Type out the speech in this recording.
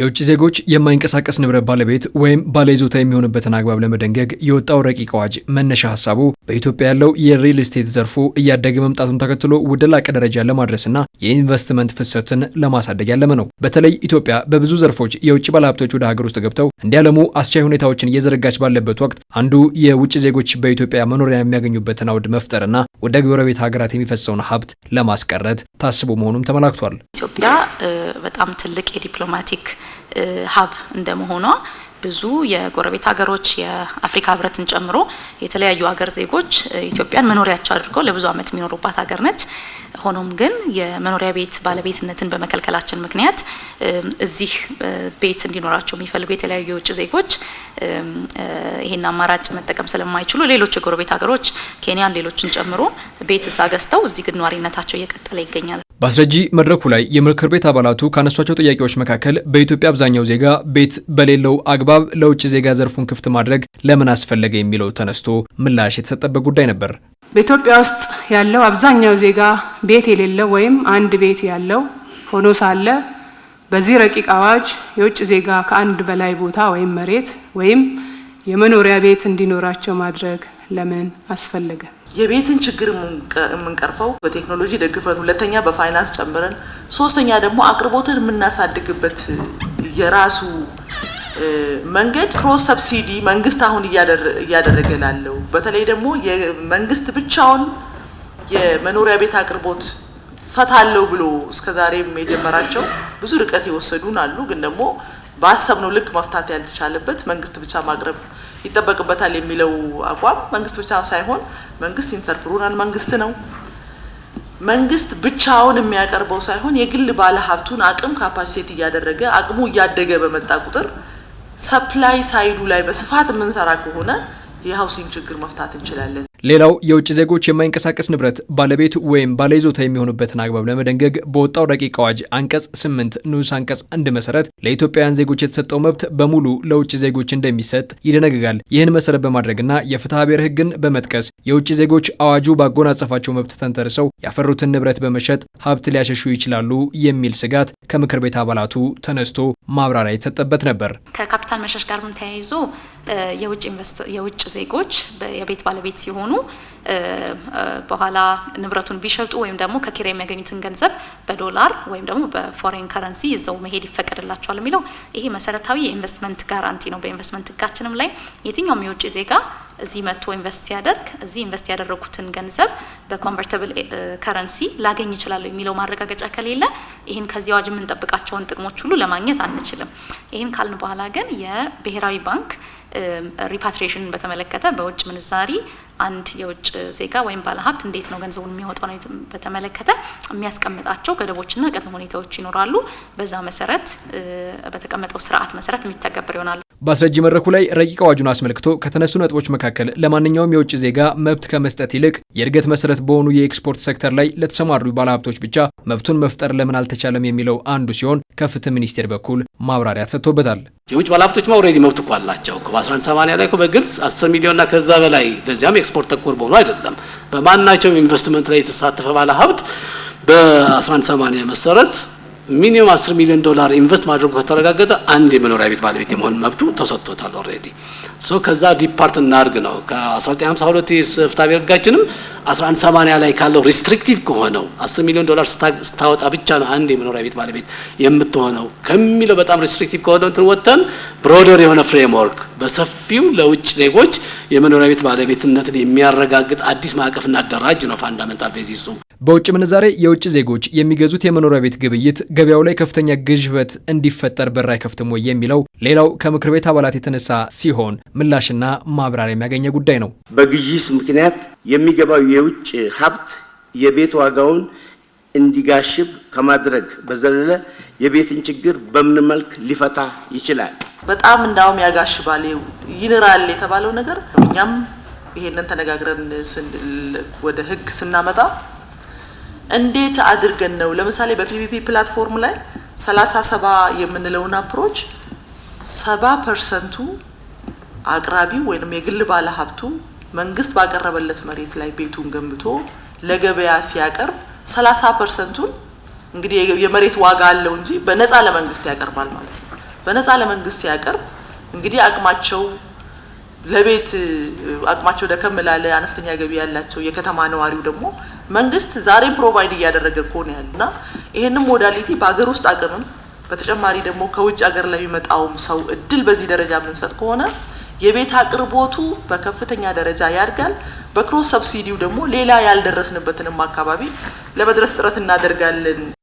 የውጭ ዜጎች የማይንቀሳቀስ ንብረት ባለቤት ወይም ባለይዞታ የሚሆንበትን አግባብ ለመደንገግ የወጣው ረቂቅ አዋጅ መነሻ ሀሳቡ በኢትዮጵያ ያለው የሪል ስቴት ዘርፉ እያደገ መምጣቱን ተከትሎ ወደ ላቀ ደረጃ ለማድረስና የኢንቨስትመንት ፍሰትን ለማሳደግ ያለመ ነው። በተለይ ኢትዮጵያ በብዙ ዘርፎች የውጭ ባለሀብቶች ወደ ሀገር ውስጥ ገብተው እንዲያለሙ አስቻይ ሁኔታዎችን እየዘረጋች ባለበት ወቅት አንዱ የውጭ ዜጎች በኢትዮጵያ መኖሪያ የሚያገኙበትን አውድ መፍጠርና ወደ ጎረቤት ሀገራት የሚፈሰውን ሀብት ለማስቀረት ታስቦ መሆኑም ተመላክቷል። ኢትዮጵያ በጣም ትልቅ የዲፕሎማቲክ ሀብ እንደመሆኗ ብዙ የጎረቤት ሀገሮች የአፍሪካ ህብረትን ጨምሮ የተለያዩ ሀገር ዜጎች ኢትዮጵያን መኖሪያቸው አድርገው ለብዙ ዓመት የሚኖሩባት ሀገር ነች። ሆኖም ግን የመኖሪያ ቤት ባለቤትነትን በመከልከላችን ምክንያት እዚህ ቤት እንዲኖራቸው የሚፈልጉ የተለያዩ የውጭ ዜጎች ይህን አማራጭ መጠቀም ስለማይችሉ ሌሎች የጎረቤት ሀገሮች ኬንያን፣ ሌሎችን ጨምሮ ቤት እዛ ገዝተው እዚህ ግን ነዋሪነታቸው እየቀጠለ ይገኛል። በአስረጂ መድረኩ ላይ የምክር ቤት አባላቱ ካነሷቸው ጥያቄዎች መካከል በኢትዮጵያ አብዛኛው ዜጋ ቤት በሌለው አግባብ ለውጭ ዜጋ ዘርፉን ክፍት ማድረግ ለምን አስፈለገ የሚለው ተነስቶ ምላሽ የተሰጠበት ጉዳይ ነበር። በኢትዮጵያ ውስጥ ያለው አብዛኛው ዜጋ ቤት የሌለው ወይም አንድ ቤት ያለው ሆኖ ሳለ በዚህ ረቂቅ አዋጅ የውጭ ዜጋ ከአንድ በላይ ቦታ ወይም መሬት ወይም የመኖሪያ ቤት እንዲኖራቸው ማድረግ ለምን አስፈለገ? የቤትን ችግር የምንቀርፈው በቴክኖሎጂ ደግፈን፣ ሁለተኛ በፋይናንስ ጨምረን፣ ሶስተኛ ደግሞ አቅርቦትን የምናሳድግበት የራሱ መንገድ ክሮስ ሰብሲዲ መንግስት አሁን እያደረገ ላለው በተለይ ደግሞ የመንግስት ብቻውን የመኖሪያ ቤት አቅርቦት ፈታለው ብሎ እስከዛሬም የጀመራቸው ብዙ ርቀት የወሰዱን አሉ። ግን ደግሞ በአሰብነው ልክ መፍታት ያልተቻለበት መንግስት ብቻ ማቅረብ ይጠበቅበታል የሚለው አቋም መንግስት ብቻ ሳይሆን መንግስት ኢንተርፕሩናል መንግስት ነው። መንግስት ብቻውን የሚያቀርበው ሳይሆን የግል ባለሀብቱን አቅም ካፓሲቴት እያደረገ አቅሙ እያደገ በመጣ ቁጥር ሰፕላይ ሳይዱ ላይ በስፋት የምንሰራ ከሆነ የሀውሲንግ ችግር መፍታት እንችላለን። ሌላው የውጭ ዜጎች የማይንቀሳቀስ ንብረት ባለቤት ወይም ባለይዞታ የሚሆኑበትን አግባብ ለመደንገግ በወጣው ረቂቅ አዋጅ አንቀጽ 8 ንዑስ አንቀጽ አንድ መሰረት ለኢትዮጵያውያን ዜጎች የተሰጠው መብት በሙሉ ለውጭ ዜጎች እንደሚሰጥ ይደነግጋል። ይህን መሰረት በማድረግና የፍትሐ ብሔር ሕግን በመጥቀስ የውጭ ዜጎች አዋጁ ባጎናጸፋቸው መብት ተንተርሰው ያፈሩትን ንብረት በመሸጥ ሀብት ሊያሸሹ ይችላሉ የሚል ስጋት ከምክር ቤት አባላቱ ተነስቶ ማብራሪያ የተሰጠበት ነበር። ከካፒታል መሸሽ ጋር ተያይዞ የውጭ ዜጎች የቤት ባለቤት ሲሆኑ በኋላ ንብረቱን ቢሸጡ ወይም ደግሞ ከኪራይ የሚያገኙትን ገንዘብ በዶላር ወይም ደግሞ በፎሬን ከረንሲ ይዘው መሄድ ይፈቀድላቸዋል የሚለው ይሄ መሰረታዊ የኢንቨስትመንት ጋራንቲ ነው። በኢንቨስትመንት ህጋችንም ላይ የትኛውም የውጭ ዜጋ እዚህ መጥቶ ኢንቨስት ሲያደርግ እዚህ ኢንቨስት ያደረጉትን ገንዘብ በኮንቨርተብል ከረንሲ ላገኝ ይችላሉ የሚለው ማረጋገጫ ከሌለ ይህን ከዚህ አዋጅ የምንጠብቃቸውን ጥቅሞች ሁሉ ለማግኘት አንችልም። ይህን ካልን በኋላ ግን የብሔራዊ ባንክ ሪፓትሪሽንን በተመለከተ በውጭ ምንዛሪ አንድ የውጭ ዜጋ ወይም ባለሀብት እንዴት ነው ገንዘቡን የሚያወጣው ነው በተመለከተ የሚያስቀምጣቸው ገደቦችና ቅድመ ሁኔታዎች ይኖራሉ። በዛ መሰረት በተቀመጠው ስርዓት መሰረት የሚተገበር ይሆናል። በአስረጂ መድረኩ ላይ ረቂቅ አዋጁን አስመልክቶ ከተነሱ ነጥቦች መካከል ለማንኛውም የውጭ ዜጋ መብት ከመስጠት ይልቅ የእድገት መሰረት በሆኑ የኤክስፖርት ሴክተር ላይ ለተሰማሩ ባለሀብቶች ብቻ መብቱን መፍጠር ለምን አልተቻለም የሚለው አንዱ ሲሆን ከፍትህ ሚኒስቴር በኩል ማብራሪያ ተሰጥቶበታል። የውጭ ማ ኦልሬዲ መብት እኮ አላቸው በ1180 ላይ በግልጽ 10 ሚሊዮንና ከዛ በላይ ለዚያም ኤክስፖርት ተኮር በሆኑ አይደለም በማናቸውም ኢንቨስትመንት ላይ የተሳተፈ ባለሀብት በ1180 መሰረት ሚኒመም አስር ሚሊዮን ዶላር ኢንቨስት ማድረጉ ከተረጋገጠ አንድ የመኖሪያ ቤት ባለቤት የመሆን መብቱ ተሰጥቶታል። ኦልሬዲ ሶ ከዛ ዲፓርት እናርግ ነው። ከ1952 ፍትሐብሔር ሕጋችንም 1180 ላይ ካለው ሪስትሪክቲቭ ከሆነው 10 ሚሊዮን ዶላር ስታወጣ ብቻ ነው አንድ የመኖሪያ ቤት ባለቤት የምትሆነው ከሚለው በጣም ሪስትሪክቲቭ ከሆነው እንትን ወጥተን ብሮደር የሆነ ፍሬምወርክ በሰፊው ለውጭ ዜጎች የመኖሪያ ቤት ባለቤትነትን የሚያረጋግጥ አዲስ ማዕቀፍ እናደራጅ ነው ፋንዳመንታል ቤዚሱ። በውጭ ምንዛሬ የውጭ ዜጎች የሚገዙት የመኖሪያ ቤት ግብይት ገበያው ላይ ከፍተኛ ግዥበት እንዲፈጠር በር አይከፍትም ወይ የሚለው ሌላው ከምክር ቤት አባላት የተነሳ ሲሆን ምላሽና ማብራሪያ የሚያገኘ ጉዳይ ነው። በግዥስ ምክንያት የሚገባው የውጭ ሀብት የቤት ዋጋውን እንዲጋሽብ ከማድረግ በዘለለ የቤትን ችግር በምን መልክ ሊፈታ ይችላል? በጣም እንዳውም ያጋሽባል ይንራል የተባለው ነገር እኛም ይሄንን ተነጋግረን ወደ ህግ ስናመጣ እንዴት አድርገን ነው ለምሳሌ በፒፒፒ ፕላትፎርም ላይ ሰላሳ ሰባ የምንለውን አፕሮች ሰባ ፐርሰንቱ አቅራቢው ወይም የግል ባለ ሀብቱ መንግስት ባቀረበለት መሬት ላይ ቤቱን ገንብቶ ለገበያ ሲያቀርብ ሰላሳ ፐርሰንቱን እንግዲህ የመሬት ዋጋ አለው እንጂ በነፃ ለመንግስት ያቀርባል ማለት ነው። በነፃ ለመንግስት ሲያቀርብ እንግዲህ አቅማቸው ለቤት አቅማቸው ደከም ላለ አነስተኛ ገቢ ያላቸው የከተማ ነዋሪው ደግሞ መንግስት ዛሬም ፕሮቫይድ እያደረገ ከሆነ ያሉ እና ይህንም ሞዳሊቲ በሀገር ውስጥ አቅምም በተጨማሪ ደግሞ ከውጭ ሀገር ለሚመጣውም ሰው እድል በዚህ ደረጃ የምንሰጥ ከሆነ የቤት አቅርቦቱ በከፍተኛ ደረጃ ያድጋል። በክሮስ ሰብሲዲው ደግሞ ሌላ ያልደረስንበትንም አካባቢ ለመድረስ ጥረት እናደርጋለን